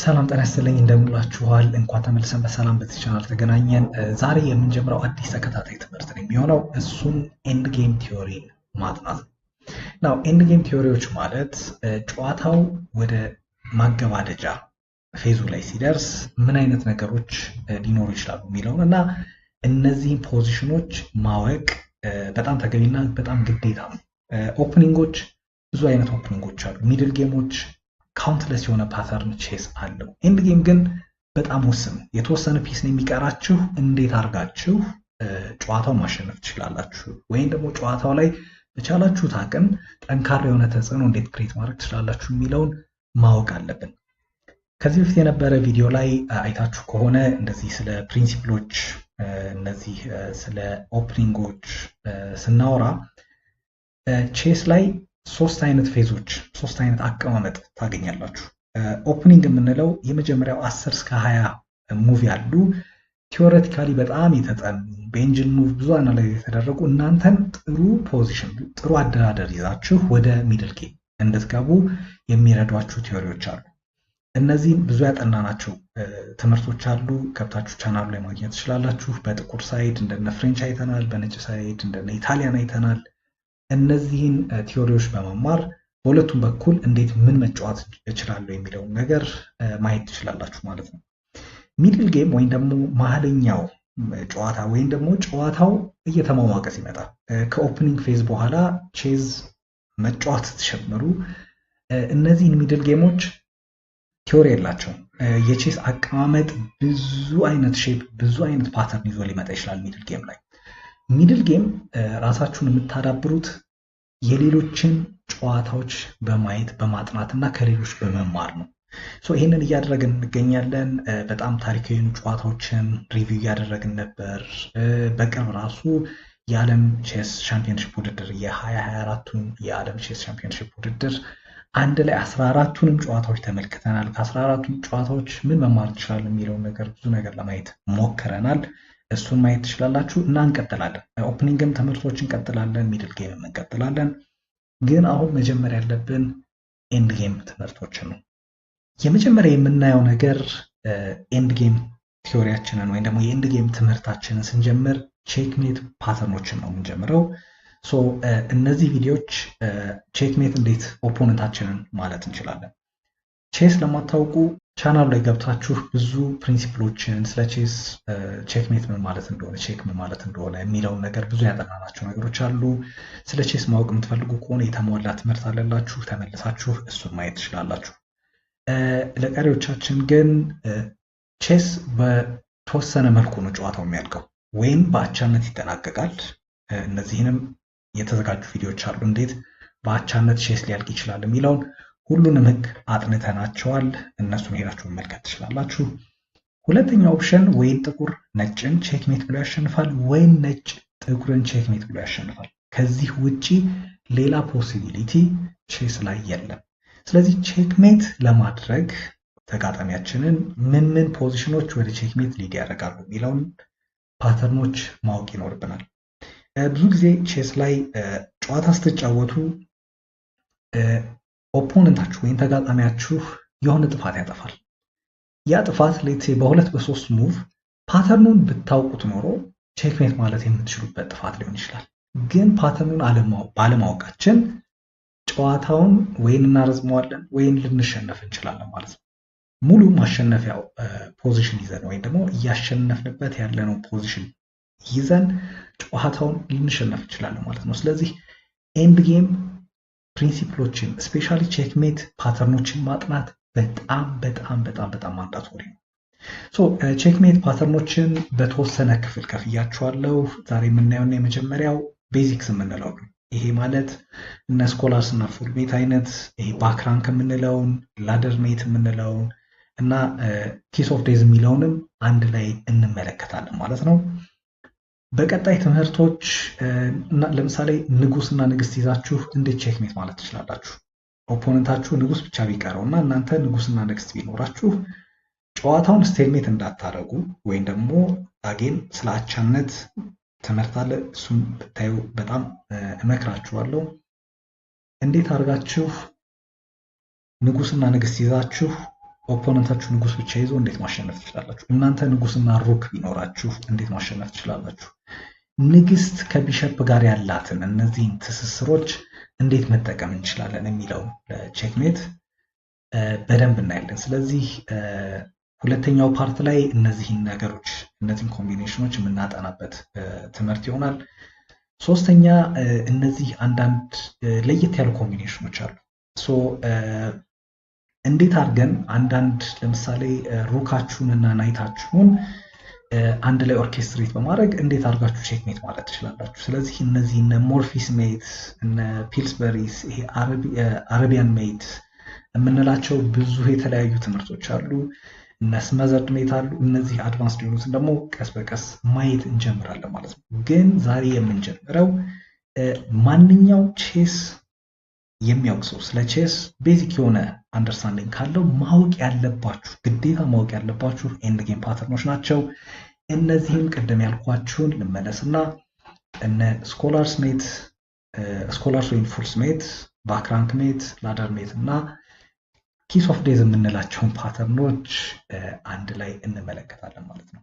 ሰላም ጤና ይስጥልኝ እንደምላችኋል። እንኳን ተመልሰን በሰላም በተቻናል ተገናኘን። ዛሬ የምንጀምረው አዲስ ተከታታይ ትምህርት ነው የሚሆነው እሱም ኤንድ ጌም ቲዮሪ ማጥናት ነው። ኤንድ ጌም ቲዮሪዎች ማለት ጨዋታው ወደ ማገባደጃ ፌዙ ላይ ሲደርስ ምን አይነት ነገሮች ሊኖሩ ይችላሉ የሚለውን እና እነዚህን ፖዚሽኖች ማወቅ በጣም ተገቢና በጣም ግዴታ ነው። ኦፕኒንጎች ብዙ አይነት ኦፕኒንጎች አሉ። ሚድል ጌሞች ካውንትለስ የሆነ ፓተርን ቼስ አለው። ኤንድ ጌም ግን በጣም ውስን የተወሰነ ፒስ ነው የሚቀራችሁ። እንዴት አድርጋችሁ ጨዋታው ማሸነፍ ትችላላችሁ? ወይም ደግሞ ጨዋታው ላይ በቻላችሁት አቅም ጠንካራ የሆነ ተጽዕኖ እንዴት ክሬት ማድረግ ትችላላችሁ የሚለውን ማወቅ አለብን። ከዚህ በፊት የነበረ ቪዲዮ ላይ አይታችሁ ከሆነ እንደዚህ ስለ ፕሪንሲፕሎች እነዚህ ስለ ኦፕኒንጎች ስናወራ ቼስ ላይ ሶስት አይነት ፌዞች ሶስት አይነት አቀማመጥ ታገኛላችሁ። ኦፕኒንግ የምንለው የመጀመሪያው 10 እስከ ሀያ ሙቪ አሉ ቲዎሬቲካሊ በጣም የተጠኑ በኢንጂን ሙቭ ብዙ አናላይዝ የተደረጉ እናንተን ጥሩ ፖዚሽን ጥሩ አደራደር ይዛችሁ ወደ ሚድል ጌም እንድትገቡ የሚረዷችሁ ቲዎሪዎች አሉ። እነዚህም ብዙ ያጠናናቸው ትምህርቶች አሉ። ገብታችሁ ቻናሉ ላይ ማግኘት ትችላላችሁ። በጥቁር ሳይድ እንደነ ፍሬንች አይተናል። በነጭ ሳይድ እንደነ ኢታሊያን አይተናል። እነዚህን ቲዎሪዎች በመማር በሁለቱም በኩል እንዴት ምን መጫወት እችላለሁ የሚለውን ነገር ማየት ትችላላችሁ ማለት ነው። ሚድል ጌም ወይም ደግሞ መሀለኛው ጨዋታ ወይም ደግሞ ጨዋታው እየተሟሟቀ ሲመጣ ከኦፕኒንግ ፌዝ በኋላ ቼዝ መጫወት ስትጀምሩ እነዚህን ሚድል ጌሞች ቲዎሪ የላቸው። የቼስ አቀማመጥ ብዙ አይነት ሼፕ፣ ብዙ አይነት ፓተርን ይዞ ሊመጣ ይችላል ሚድል ጌም ላይ ሚድል ጌም ራሳችሁን የምታዳብሩት የሌሎችን ጨዋታዎች በማየት በማጥናት እና ከሌሎች በመማር ነው። ይህንን እያደረግን እንገኛለን። በጣም ታሪካዊ ጨዋታዎችን ሪቪው እያደረግን ነበር። በቅርብ ራሱ የዓለም ቼስ ሻምፒዮንሽፕ ውድድር የ2024ቱን የዓለም ቼስ ሻምፒዮንሽፕ ውድድር አንድ ላይ 14ቱንም ጨዋታዎች ተመልክተናል። 14 ጨዋታዎች ምን መማር ይችላል የሚለውን ነገር ብዙ ነገር ለማየት ሞክረናል። እሱን ማየት ትችላላችሁ እና እንቀጥላለን። ኦፕኒንግም ትምህርቶች እንቀጥላለን፣ ሚድል ጌምም እንቀጥላለን። ግን አሁን መጀመር ያለብን ኤንድ ጌም ትምህርቶችን ነው። የመጀመሪያ የምናየው ነገር ኤንድ ጌም ቲዮሪያችንን ወይም ደግሞ የኤንድ ጌም ትምህርታችንን ስንጀምር ቼክሜት ፓተርኖችን ነው የምንጀምረው። ሶ እነዚህ ቪዲዮዎች ቼክሜት እንዴት ኦፖነንታችንን ማለት እንችላለን። ቼስ ለማታውቁ ቻናሉ ላይ ገብታችሁ ብዙ ፕሪንሲፕሎችን ስለ ቼስ ቼክሜት ምን ማለት እንደሆነ ቼክ ምን ማለት እንደሆነ የሚለውን ነገር ብዙ ያጠናናቸው ነገሮች አሉ። ስለ ቼስ ማወቅ የምትፈልጉ ከሆነ የተሟላ ትምህርት አለላችሁ። ተመልሳችሁ እሱን ማየት ትችላላችሁ። ለቀሪዎቻችን ግን ቼስ በተወሰነ መልኩ ነው ጨዋታው የሚያልቀው፣ ወይም በአቻነት ይጠናቀቃል። እነዚህንም የተዘጋጁ ቪዲዮዎች አሉ፣ እንዴት በአቻነት ቼስ ሊያልቅ ይችላል የሚለውን ሁሉንም ህግ አጥንተናቸዋል። እነሱን ሄዳችሁ መመልከት ትችላላችሁ። ሁለተኛ ኦፕሽን ወይም ጥቁር ነጭን ቼክሜት ብሎ ያሸንፋል ወይም ነጭ ጥቁርን ቼክሜት ብሎ ያሸንፋል። ከዚህ ውጪ ሌላ ፖሲቢሊቲ ቼስ ላይ የለም። ስለዚህ ቼክሜት ለማድረግ ተጋጣሚያችንን ምን ምን ፖዚሽኖች ወደ ቼክሜት ሊድ ያደርጋሉ የሚለውን ፓተርኖች ማወቅ ይኖርብናል። ብዙ ጊዜ ቼስ ላይ ጨዋታ ስትጫወቱ ኦፖነንታችሁ ወይም ተጋጣሚያችሁ የሆነ ጥፋት ያጠፋል። ያ ጥፋት ሌት በሁለት በሶስት ሙቭ ፓተርኑን ብታውቁት ኖሮ ቼክሜት ማለት የምትችሉበት ጥፋት ሊሆን ይችላል። ግን ፓተርኑን ባለማወቃችን ጨዋታውን ወይን እናረዝመዋለን ወይን ልንሸነፍ እንችላለን ማለት ነው። ሙሉ ማሸነፊያው ፖዚሽን ይዘን ወይም ደግሞ እያሸነፍንበት ያለነው ፖዚሽን ይዘን ጨዋታውን ልንሸነፍ እንችላለን ማለት ነው። ስለዚህ ኤንድ ጌም ፕሪንሲፕሎችን ስፔሻሊ ቼክሜት ፓተርኖችን ማጥናት በጣም በጣም በጣም በጣም ማንዳቶሪ ነው። ቼክሜት ፓተርኖችን በተወሰነ ክፍል ከፍያችኋለሁ። ዛሬ የምናየውና የመጀመሪያው ቤዚክስ የምንለው ነው። ይሄ ማለት እነ ስኮላርስ እና ፉልሜት አይነት ይሄ ባክራንክ የምንለውን ላደርሜት የምንለውን እና ኪስ ኦፍ ዴዝ የሚለውንም አንድ ላይ እንመለከታለን ማለት ነው። በቀጣይ ትምህርቶች ለምሳሌ ንጉስና ንግስት ይዛችሁ እንዴት ቼክሜት ማለት ትችላላችሁ? ኦፖነንታችሁ ንጉስ ብቻ ቢቀረው እና እናንተ ንጉስና ንግስት ቢኖራችሁ ጨዋታውን ስቴልሜት እንዳታደረጉ ወይም ደግሞ አጌን ስለ አቻነት ትምህርት አለ። እሱም ብታዩ በጣም እመክራችኋለሁ። እንዴት አድርጋችሁ ንጉስና ንግስት ይዛችሁ ኦፖነንታችሁ ንጉስ ብቻ ይዞ እንዴት ማሸነፍ ትችላላችሁ? እናንተ ንጉስና ሩክ ቢኖራችሁ እንዴት ማሸነፍ ትችላላችሁ? ንግስት ከቢሸፕ ጋር ያላትን እነዚህን ትስስሮች እንዴት መጠቀም እንችላለን የሚለው ቼክሜት በደንብ እናያለን። ስለዚህ ሁለተኛው ፓርት ላይ እነዚህን ነገሮች እነዚህን ኮምቢኔሽኖች የምናጠናበት ትምህርት ይሆናል። ሶስተኛ እነዚህ አንዳንድ ለየት ያሉ ኮምቢኔሽኖች አሉ። እንዴት አድርገን አንዳንድ ለምሳሌ ሩካችሁን እና ናይታችሁን አንድ ላይ ኦርኬስትሬት በማድረግ እንዴት አድርጋችሁ ቼክሜት ማለት ትችላላችሁ። ስለዚህ እነዚህ እነ ሞርፊስ ሜት እነ ፒልስበሪስ ይሄ አረቢያን ሜት የምንላቸው ብዙ የተለያዩ ትምህርቶች አሉ። እነ ስመዘርድ ሜት አሉ። እነዚህ አድቫንስ ሊሆኑትን ደግሞ ቀስ በቀስ ማየት እንጀምራለን ማለት ነው። ግን ዛሬ የምንጀምረው ማንኛው ቼስ የሚያውቅ ሰው ስለ ቼስ ቤዚክ የሆነ አንደርስታንዲንግ ካለው ማወቅ ያለባችሁ ግዴታ ማወቅ ያለባችሁ ኤንድ ጌም ፓተርኖች ናቸው። እነዚህም ቅድም ያልኳችሁን ልመለስና እነ ስኮላርስ ሜት ስኮላርስ ወይም ፉልስ ሜት፣ ባክራንክ ሜት፣ ላደር ሜት እና ኪስ ኦፍ ዴዝ የምንላቸውን ፓተርኖች አንድ ላይ እንመለከታለን ማለት ነው።